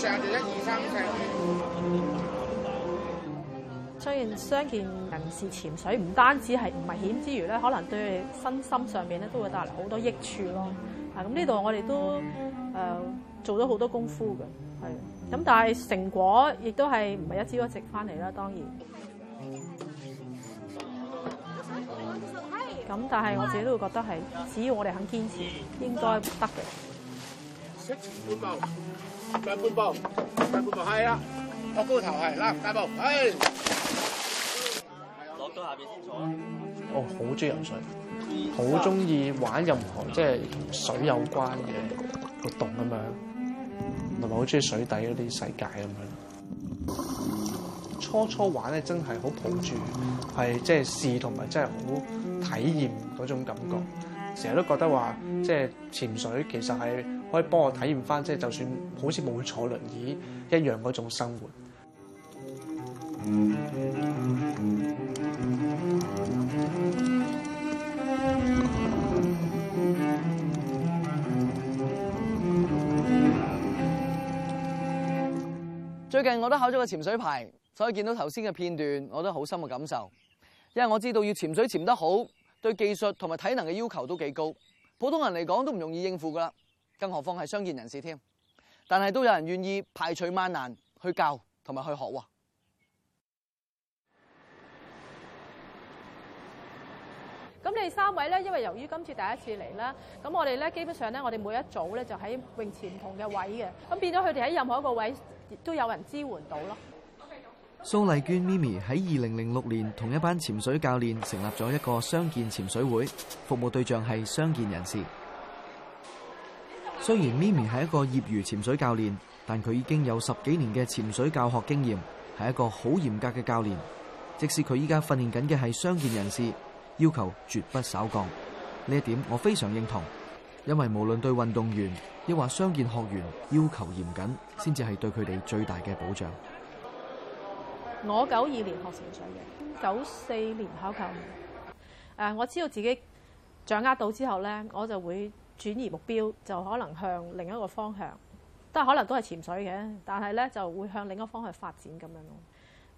上就一二三。雖然傷健人士潛水唔單止係唔危險之餘咧，可能對佢身心上面咧，都會帶來好多益處咯。啊，咁呢度我哋都誒、呃、做咗好多功夫嘅，係。咁但係成果亦都係唔係一朝一夕翻嚟啦，當然。咁但係我自己都會覺得係，只要我哋肯堅持，應該得嘅。嗯啊上半部，上半部，係啦、啊，落高頭係，拉、啊、大部，係、啊，落到下邊先坐。哦，好中意游水，好中意玩任何即係水有關嘅活動咁樣，同埋好中意水底嗰啲世界咁樣。初初玩咧，是是試試真係好抱住，係即係試同埋，真係好體驗嗰種感覺。成日都覺得話，即係潛水其實係。可以幫我體驗返，即係就算好似冇坐輪椅一樣嗰種生活。最近我都考咗個潛水牌，所以見到頭先嘅片段，我都好深嘅感受，因為我知道要潛水潛得好，對技術同埋體能嘅要求都幾高，普通人嚟講都唔容易應付㗎啦。更何況係傷健人士添，但係都有人願意排除萬難去教同埋去學喎。咁你三位呢，因為由於今次第一次嚟啦，咁我哋咧基本上咧，我哋每一組咧就喺泳池唔同嘅位嘅，咁變咗佢哋喺任何一個位都有人支援到咯。蘇麗娟咪咪喺二零零六年同一班潛水教練成立咗一個傷健潛水會，服務對象係傷健人士。雖然 Mimi 係一個業餘潛水教練，但佢已經有十幾年嘅潛水教學經驗，係一個好嚴格嘅教練。即使佢依家訓練緊嘅係傷健人士，要求絕不稍降。呢一點我非常認同，因為無論對運動員亦或傷健學員，要求嚴謹先至係對佢哋最大嘅保障。我九二年學潛水嘅，九四年考級。誒，我知道自己掌握到之後呢，我就會。轉移目標就可能向另一個方向，都係可能都係潛水嘅，但係呢就會向另一個方向發展咁樣咯。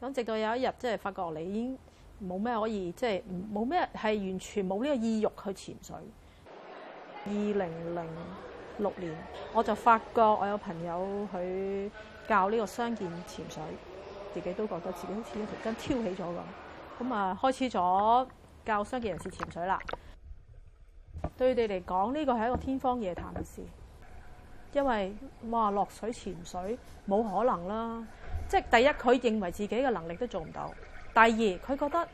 咁直到有一日即係發覺你已經冇咩可以，即係冇咩係完全冇呢個意欲去潛水。二零零六年我就發覺我有朋友去教呢個傷健潛水，自己都覺得自己好似一條筋挑起咗㗎，咁啊開始咗教傷健人士潛水啦。對你哋嚟講，呢個係一個天方夜譚嘅事，因為哇落水潛水冇可能啦。即係第一，佢認為自己嘅能力都做唔到；第二，佢覺得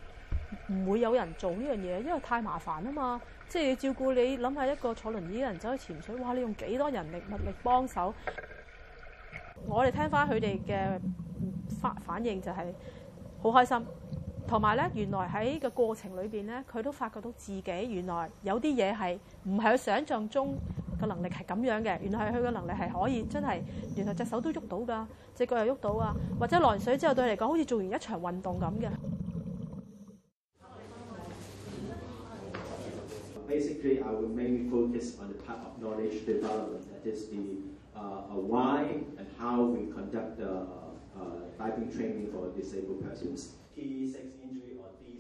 唔會有人做呢樣嘢，因為太麻煩啊嘛。即係照顧你，諗下一個坐輪椅嘅人走去潛水，哇！你用幾多人力物力幫手？我哋聽翻佢哋嘅反反應就係、是、好開心。同埋咧，原來喺個過程裏邊咧，佢都發覺到自己原來有啲嘢係唔係佢想象中個能力係咁樣嘅。原來佢嘅能力係可以真係，原來隻手都喐到㗎，隻腳又喐到啊！或者落完水之後對佢嚟講，好似做完一場運動咁嘅。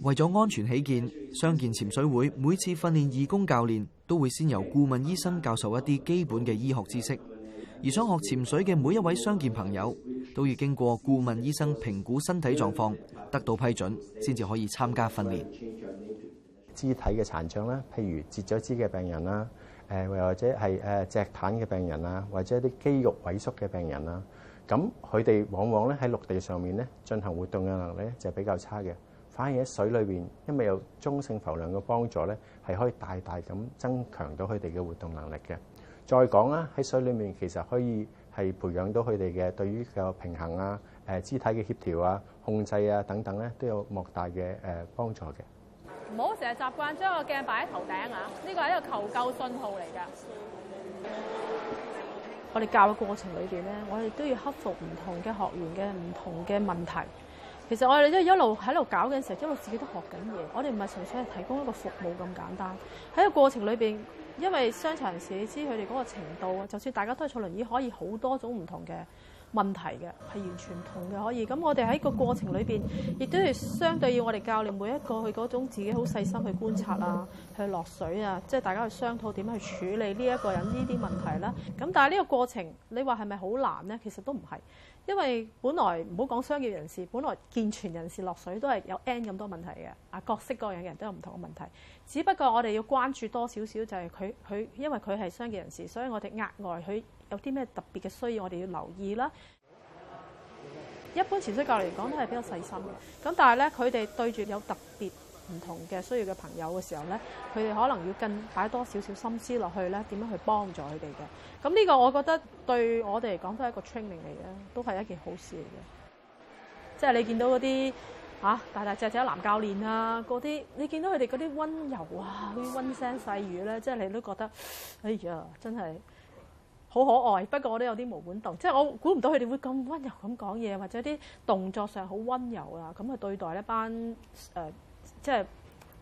為咗安全起見，傷健潛水會每次訓練義工教練，都會先由顧問醫生教授一啲基本嘅醫學知識。而想學潛水嘅每一位傷健朋友，都要經過顧問醫生評估身體狀況，得到批准，先至可以參加訓練。肢體嘅殘障啦，譬如截咗肢嘅病人啦，誒，或者係誒脊癱嘅病人啦，或者啲肌肉萎縮嘅病人啦。咁佢哋往往咧喺陸地上面咧進行活動嘅能力就比較差嘅，反而喺水裏邊，因為有中性浮力嘅幫助咧，係可以大大咁增強到佢哋嘅活動能力嘅。再講啦，喺水裡面其實可以係培養到佢哋嘅對於個平衡啊、誒肢體嘅協調啊、控制啊等等咧，都有莫大嘅誒幫助嘅。唔好成日習慣將個鏡擺喺頭頂啊！呢個係一個求救信號嚟㗎。我哋教嘅過程裏邊咧，我哋都要克服唔同嘅學員嘅唔同嘅問題。其實我哋都一路喺度搞緊時候，一路自己都學緊嘢。我哋唔係純粹係提供一個服務咁簡單。喺個過程裏邊，因為傷殘人士知佢哋嗰個程度啊，就算大家都係坐輪椅，可以好多種唔同嘅。問題嘅係完全唔同嘅，可以咁我哋喺個過程裏邊，亦都係相對要我哋教練每一個佢嗰種自己好細心去觀察啊，去落水啊，即係大家去商討點去處理呢一個人呢啲問題啦。咁但係呢個過程，你話係咪好難呢？其實都唔係，因為本來唔好講傷健人士，本來健全人士落水都係有 N 咁多問題嘅。啊，各式各樣嘅人都有唔同嘅問題，只不過我哋要關注多少少就係佢佢，因為佢係傷健人士，所以我哋額外佢。有啲咩特別嘅需要，我哋要留意啦。一般潛水教嚟講，都係比較細心嘅。咁但係咧，佢哋對住有特別唔同嘅需要嘅朋友嘅時候咧，佢哋可能要更擺多少少心思落去咧，點樣去幫助佢哋嘅。咁呢個我覺得對我哋嚟講都係一個 training 嚟嘅，都係一件好事嚟嘅。即係你見到嗰啲啊大大隻隻男教練啊，嗰啲你見到佢哋嗰啲温柔啊，嗰啲溫聲細語咧，即係你都覺得，哎呀，真係～好可愛，不過我都有啲毛管動，即係我估唔到佢哋會咁温柔咁講嘢，或者啲動作上好温柔啊，咁去對待一班誒、呃，即係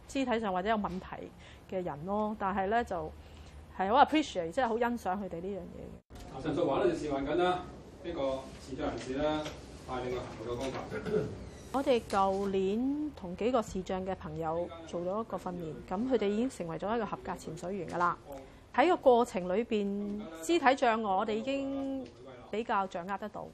肢體上或者有問題嘅人咯。但係咧就係好 appreciate，即係好欣賞佢哋呢樣嘢。陳叔話咧，就示範緊啦，呢個視障人士咧，帶領佢行嘅方法。我哋舊年同幾個視障嘅朋友做咗一個訓練，咁佢哋已經成為咗一個合格潛水員噶啦。喺個過程裏邊，肢體障礙我哋已經比較掌握得到。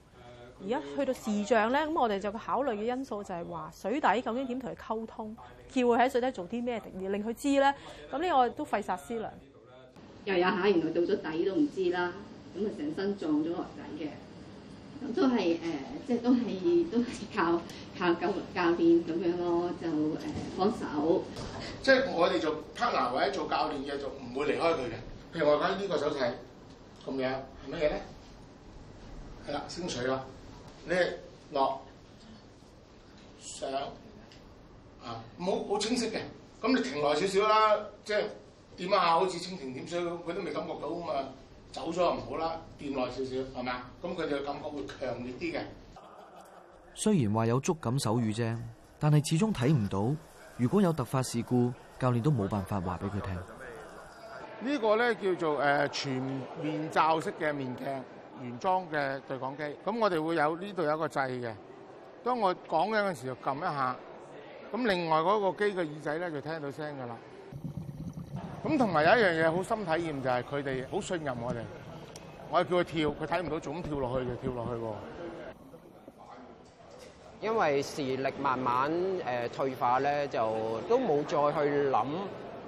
而家去到視障咧，咁我哋就嘅考慮嘅因素就係話，水底究竟點同佢溝通，叫佢喺水底做啲咩，定令佢知咧。咁呢個都費煞思量。又有一下，原來到咗底都唔知啦，咁啊成身撞咗落底嘅，咁都係誒，即、呃、係、就是、都係都係靠靠教教練咁樣咯，就誒放手。即係我哋做 partner 或者做教練嘅，就唔會離開佢嘅。譬如我而家呢個手勢咁樣係乜嘢咧？係啦，升水啦，你落上啊，唔好好清晰嘅。咁你停耐少少啦，即係點下好似蜻蜓點水，佢都未感覺到啊嘛。走咗又唔好啦，掂耐少少係咪啊？咁佢哋嘅感覺會強烈啲嘅。雖然話有觸感手語啫，但係始終睇唔到。如果有突發事故，教練都冇辦法話俾佢聽。這個、呢個咧叫做誒、呃、全面罩式嘅面鏡原裝嘅對講機，咁我哋會有呢度有一個掣嘅。當我講緊嘅時候，就撳一下。咁另外嗰個機嘅耳仔咧就聽到聲㗎喇。咁同埋有一樣嘢好深體驗就係佢哋好信任我哋。我哋叫佢跳，佢睇唔到，總跳落去嘅，跳落去喎、啊。因為視力慢慢誒、呃、退化咧，就都冇再去諗。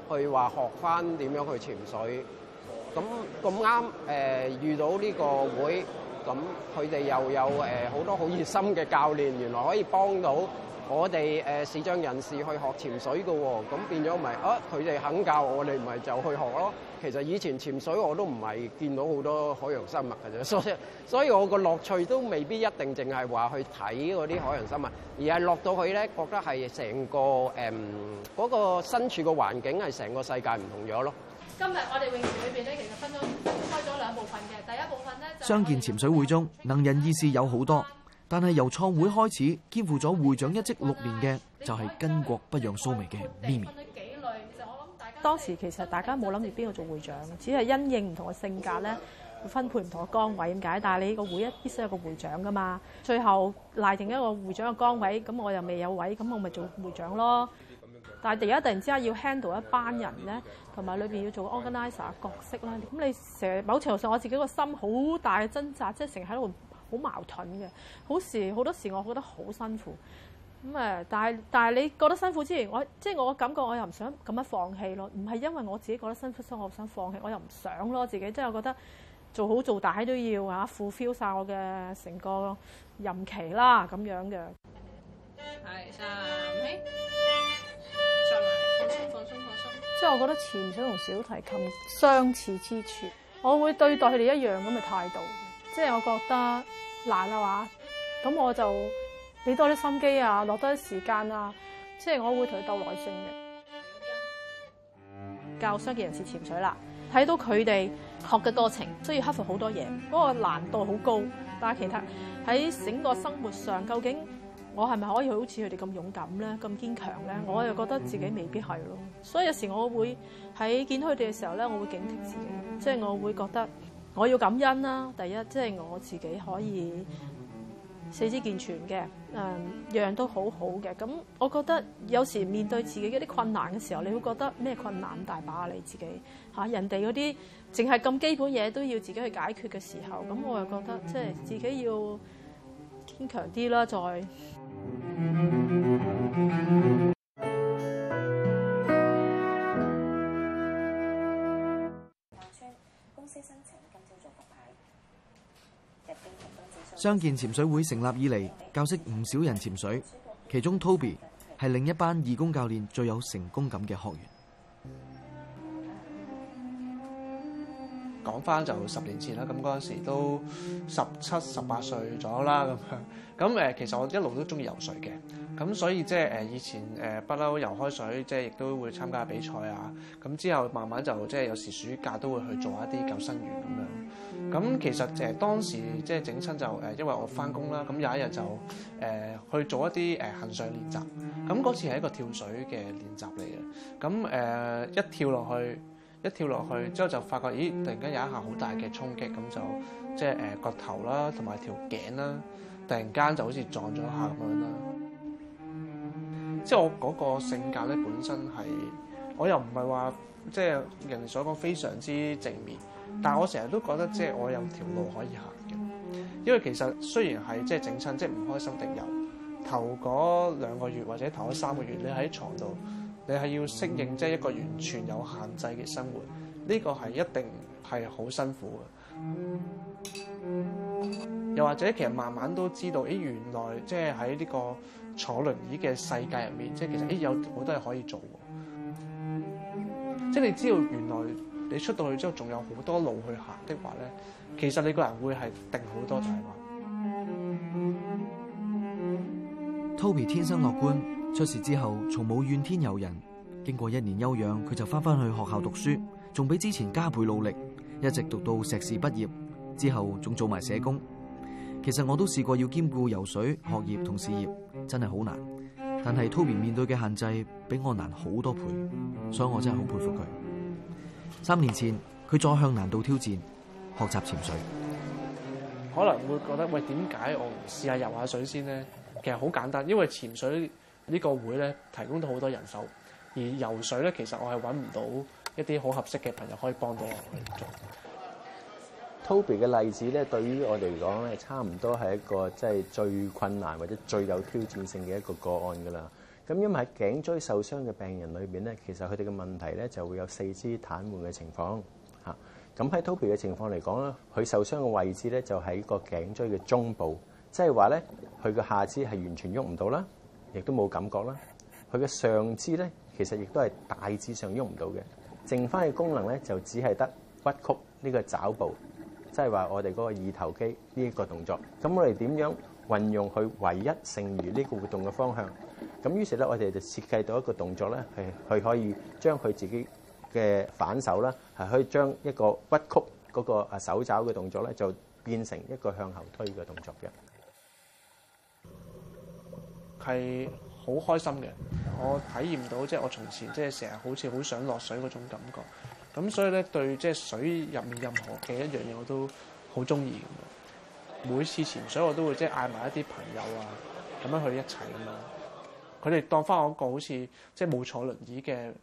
去話學翻點樣去潛水，咁咁啱誒，遇到呢個會，咁佢哋又有誒，好多好熱心嘅教練，原來可以幫到。我哋誒視障人士去學潛水嘅喎，咁變咗咪啊？佢哋肯教我哋，咪就去學咯。其實以前潛水我都唔係見到好多海洋生物嘅啫，所以所以我個樂趣都未必一定淨係話去睇嗰啲海洋生物，而係落到去咧，覺得係成個誒嗰個身處個環境係成個世界唔同咗咯。今日我哋泳池裏邊咧，其實分咗開咗兩部分嘅，第一部分咧，傷健潛水會中能人異士有好多。但係由創會開始，肩負咗會長一職六年嘅就係巾幗不讓鬚眉嘅咪咪。咪。分咗幾類，其實我諗當時其實大家冇諗住邊個做會長，只係因應唔同嘅性格咧，分配唔同嘅崗位點解？但係你呢個會一必須有個會長噶嘛，最後賴定一個會長嘅崗位，咁我又未有位，咁我咪做會長咯。但係突然之間要 handle 一班人咧，同埋裏邊要做 organizer 角色啦。咁你成日某程度上我自己個心好大嘅掙扎，即係成日喺度。好矛盾嘅，好時好多時，我覺得好辛苦咁誒。但係但係，你覺得辛苦之前，我即係我感覺，我又唔想咁樣放棄咯。唔係因為我自己覺得辛苦，所以我唔想放棄，我又唔想咯。自己即係覺得做好做大都要嚇 fulfill 曬我嘅成個任期啦，咁樣嘅。係，深呼吸，再嚟，放鬆放鬆放鬆。即係我覺得潛水同小提琴相似之處，我會對待佢哋一樣咁嘅態度。即係我覺得難啊話，咁我就畀多啲心機啊，落多啲時間啊，即係我會同佢鬥耐性嘅。教傷健人士潛水啦，睇到佢哋學嘅過程，需要克服好多嘢，嗰個難度好高。但係其他喺整個生活上，究竟我係咪可以好似佢哋咁勇敢咧，咁堅強咧？我又覺得自己未必係咯。所以有時候我會喺見佢哋嘅時候咧，我會警惕自己，即係我會覺得。我要感恩啦，第一即係、就是、我自己可以四肢健全嘅，誒樣樣都很好好嘅。咁我覺得有時面對自己一啲困難嘅時候，你會覺得咩困難大把你自己嚇人哋嗰啲，淨係咁基本嘢都要自己去解決嘅時候，咁我又覺得即係、就是、自己要堅強啲啦，再。 雙傷健潛水會成立以嚟，教識唔少人潛水，其中 Toby 係另一班義工教練最有成功感嘅學員。講返就十年前啦，咁嗰陣時都十七十八歲左右啦，咁樣。咁誒，其實我一路都中意游水嘅，咁所以即係誒以前誒不嬲游開水，即係亦都會參加比賽啊。咁之後慢慢就即係有時暑假都會去做一啲救生員咁樣。咁其實誒當時即係整親就誒，因為我翻工啦，咁有一日就誒去做一啲誒行上練習，咁嗰次係一個跳水嘅練習嚟嘅，咁誒一跳落去，一跳落去之後就發覺咦，突然間有一下好大嘅衝擊，咁就即係誒個頭啦，同埋條頸啦，突然間就好似撞咗下咁樣啦。即係我嗰個性格咧，本身係我又唔係話即係人哋所講非常之正面。但係我成日都覺得即係我有條路可以行嘅，因為其實雖然係即係整親即係唔開心的有頭嗰兩個月或者頭嗰三個月，你喺床度，你係要適應即係一個完全有限制嘅生活，呢個係一定係好辛苦嘅。又或者其實慢慢都知道，誒原來即係喺呢個坐輪椅嘅世界入面，即係其實誒有好多嘢可以做，即係你知道原來。你出到去之後，仲有好多路去行嘅話咧，其實你個人會係定好多大話。Toby 天生樂觀，出事之後從冇怨天尤人。經過一年休養，佢就翻返去學校讀書，仲比之前加倍努力，一直讀到碩士畢業之後，仲做埋社工。其實我都試過要兼顧游水、學業同事業，真係好難。但係 Toby 面對嘅限制比我難好多倍，所以我真係好佩服佢。三年前，佢再向難度挑戰，學習潛水，可能會覺得，喂，點解我唔試下遊下水先咧？其實好簡單，因為潛水呢個會咧提供到好多人手，而游水咧，其實我係揾唔到一啲好合適嘅朋友可以幫到我去做。做 Toby 嘅例子咧，對於我哋嚟講咧，差唔多係一個即係、就是、最困難或者最有挑戰性嘅一個個案噶啦。咁因為喺頸椎受傷嘅病人裏邊咧，其實佢哋嘅問題咧就會有四肢癱瘓嘅情況嚇。咁喺 Toby 嘅情況嚟講咧，佢受傷嘅位置咧就喺個頸椎嘅中部，即係話咧佢嘅下肢係完全喐唔到啦，亦都冇感覺啦。佢嘅上肢咧其實亦都係大致上喐唔到嘅，剩翻嘅功能咧就只係得屈曲呢個爪部，即係話我哋嗰個二頭肌呢一個動作。咁我哋點樣運用佢唯一剩餘呢個活動嘅方向？咁於是咧，我哋就設計到一個動作咧，係佢可以將佢自己嘅反手啦，係可以將一個屈曲嗰個啊手爪嘅動作咧，就變成一個向後推嘅動作嘅。係好開心嘅，我體驗到即係我從前即係成日好似好想落水嗰種感覺。咁所以咧，對即係水入面任何嘅一樣嘢我都好中意嘅。每次潛水我都會即係嗌埋一啲朋友啊，咁樣去一齊啊嘛。佢哋當翻我一個好似即係冇坐輪椅嘅人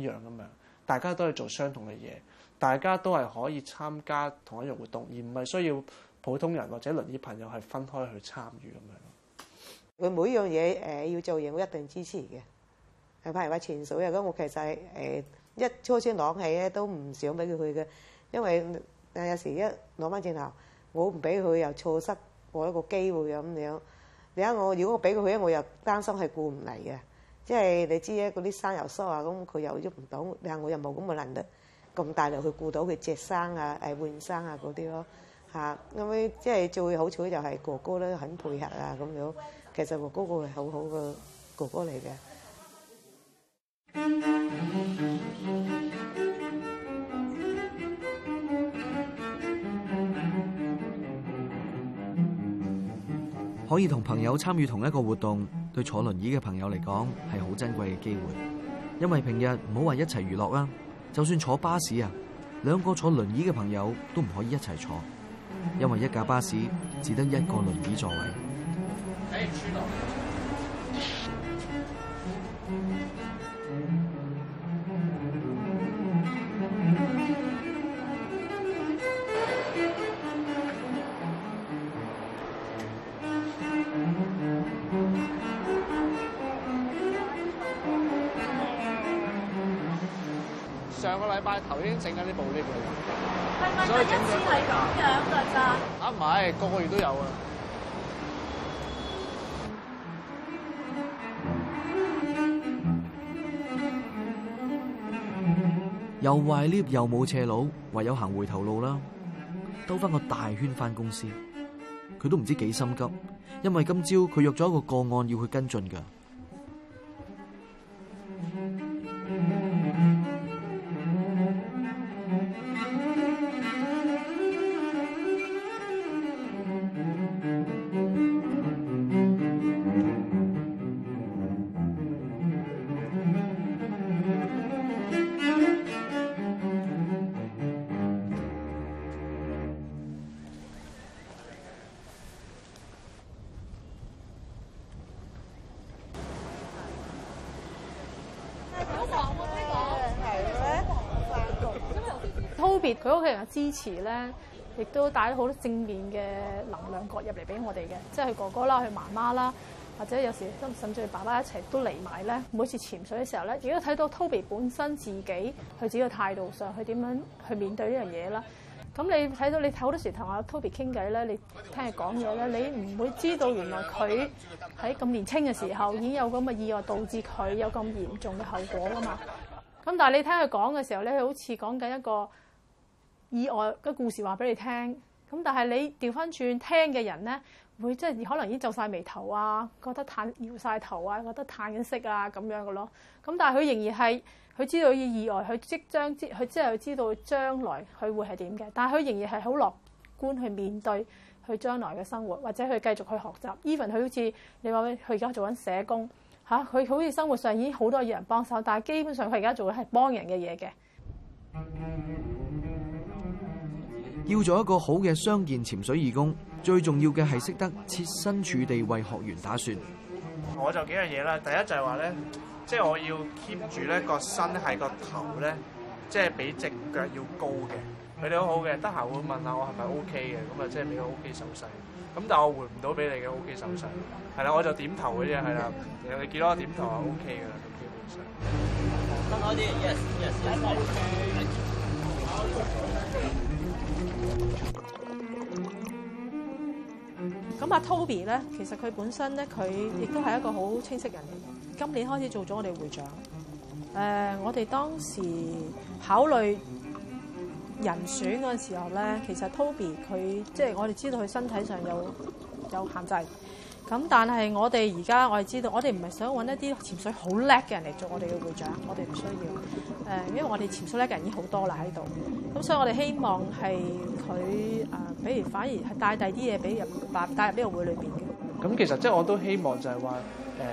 一樣咁樣，大家都係做相同嘅嘢，大家都係可以參加同一樣活動，而唔係需要普通人或者輪椅朋友係分開去參與咁樣。佢每樣嘢誒要做嘢，我一定支持嘅。誒，譬如話潛水啊，咁我其實係、呃、一初先攞起咧都唔想俾佢去嘅，因為有時一攞翻正頭，我唔俾佢又錯失我一個機會咁樣。你睇我，如果我俾佢去咧，我又擔心係顧唔嚟嘅。即係你知咧，嗰啲生又疏啊，咁佢又喐唔到，你睇我又冇咁嘅能力，咁大力去顧到佢隻生啊、誒換生啊嗰啲咯，嚇咁樣，即係最好彩就係哥哥咧很配合啊咁樣，其實、那個、是很哥哥佢係好好嘅哥哥嚟嘅。可以同朋友參與同一個活動，對坐輪椅嘅朋友嚟講係好珍貴嘅機會。因為平日唔好話一齊娛樂啦，就算坐巴士啊，兩個坐輪椅嘅朋友都唔可以一齊坐，因為一架巴士只得一個輪椅座位。先整緊呢部呢部，係咪第一次係咁樣㗎咋？啊，唔係，個個月都有啊！又壞 lift 又冇斜路，唯有行回頭路啦，兜翻個大圈翻公司。佢都唔知幾心急，因為今朝佢約咗一個個案要去跟進㗎。支持咧，亦都帶咗好多正面嘅能量角入嚟俾我哋嘅，即係佢哥哥啦，佢媽媽啦，或者有時甚至佢爸爸一齊都嚟埋咧。每次潛水嘅時候咧，如果睇到 Toby 本身自己佢自己嘅態度上，去點樣去面對呢樣嘢啦。咁你睇到你好多時同阿 Toby 傾偈咧，你聽佢講嘢咧，你唔會知道原來佢喺咁年輕嘅時候已經有咁嘅意外導致佢有咁嚴重嘅後果噶嘛。咁但係你聽佢講嘅時候咧，佢好似講緊一個。意外嘅故事話俾你，但是你聽，咁但係你調翻轉聽嘅人咧，會即係可能已經皺晒眉頭啊，覺得嘆搖晒頭啊，覺得嘆息啊咁樣嘅咯。咁但係佢仍然係佢知道意外，佢即將知佢即係佢知道將來佢會係點嘅。但係佢仍然係好樂觀去面對佢將來嘅生活，或者去繼續去學習。even 佢好似你話佢佢而家做緊社工嚇，佢好似生活上已經好多嘢人幫手，但係基本上佢而家做緊係幫人嘅嘢嘅。要做一個好嘅傷健潛水義工，最重要嘅係識得設身處地為學員打算。我就幾樣嘢啦，第一就係話咧，即係我要 keep 住咧個身係個頭咧，即係比直腳要高嘅。佢哋好好嘅，得閒會問下我係咪 O K 嘅，咁啊即係俾個 O K 手勢。咁但係我回唔到俾你嘅 O K 手勢，係啦，我就點頭嗰啲係啦，你見咯，點頭啊 O K 噶啦，O K 手勢。辛苦啲，yes, yes, yes, yes.、Okay. 咁阿 Toby 咧，其實佢本身咧，佢亦都係一個好清晰人。今年開始做咗我哋會長。誒、呃，我哋當時考慮人選嗰陣時候咧，其實 Toby 佢即係我哋知道佢身體上有有限制。咁但係我哋而家我哋知道，我哋唔係想揾一啲潛水好叻嘅人嚟做我哋嘅會長，我哋唔需要。誒、呃，因為我哋潛水叻嘅人已經好多啦喺度。在這裏。咁所以我哋希望係佢啊，比如反而係帶第啲嘢俾入，帶入呢個會裏邊嘅。咁其實即係我都希望就係話誒，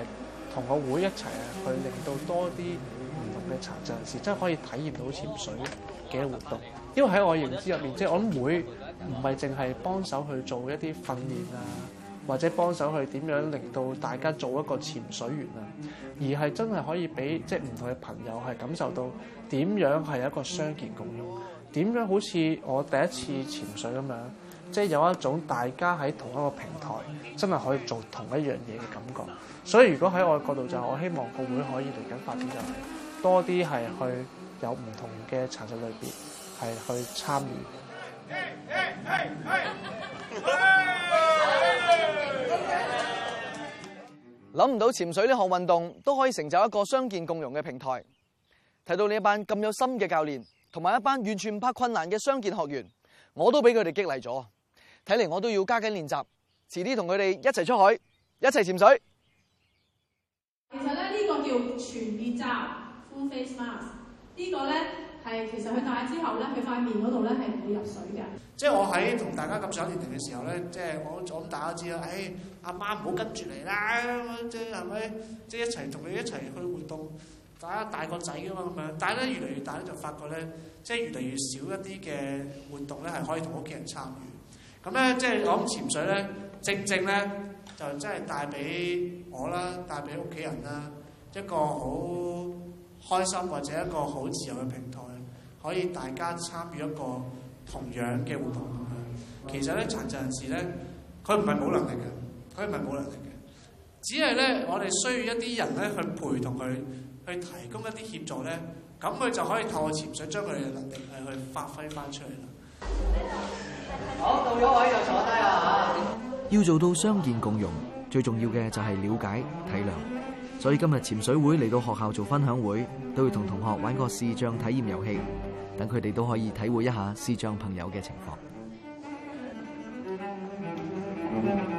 同、呃、個會一齊啊，去令到多啲唔同嘅殘障人士真係可以體驗到潛水嘅活動。嗯、因為喺我認知入面，即係我啲會唔係淨係幫手去做一啲訓練啊，或者幫手去點樣令到大家做一個潛水員啊，而係真係可以俾即係唔同嘅朋友係感受到點樣係一個傷健共融。嗯嗯點樣好似我第一次潛水咁樣，即係有一種大家喺同一個平台，真係可以做同一樣嘢嘅感覺。所以如果喺我嘅角度就，我希望個會可以嚟緊發展就多啲係去有唔同嘅殘疾類別，係去參與。諗唔到潛水呢項運動都可以成就一個相見共融嘅平台。睇到呢一班咁有心嘅教練。同埋一班完全唔怕困難嘅雙健學員，我都俾佢哋激勵咗。睇嚟我都要加緊練習，遲啲同佢哋一齊出海，一齊潛水。其實咧呢個叫全面罩 （full face mask），呢個咧係其實佢戴之後咧，佢塊面嗰度咧係唔會入水嘅。即係我喺同大家咁上聯説嘅時候咧，即係我我打都知啦。誒，阿媽唔好跟住嚟啦，即係係咪？即係一齊同佢一齊去活動。大家大個仔啊嘛咁樣，但係咧越嚟越大咧，就發覺咧，即係越嚟越少一啲嘅活動咧，係可以同屋企人參與。咁咧即係講潛水咧，正正咧就真係帶俾我啦，帶俾屋企人啦，一個好開心或者一個好自由嘅平台，可以大家參與一個同樣嘅活動咁樣。其實咧，殘疾人士咧，佢唔係冇能力嘅，佢唔係冇能力嘅，只係咧我哋需要一啲人咧去陪同佢。去提供一啲協助咧，咁佢就可以透過潛水將佢嘅能力係去發揮翻出嚟啦。好，到咗位就坐低啦。要做到傷健共融，最重要嘅就係了解體諒。所以今日潛水會嚟到學校做分享會，都要同同學玩個視障體驗遊戲，等佢哋都可以體會一下視障朋友嘅情況。嗯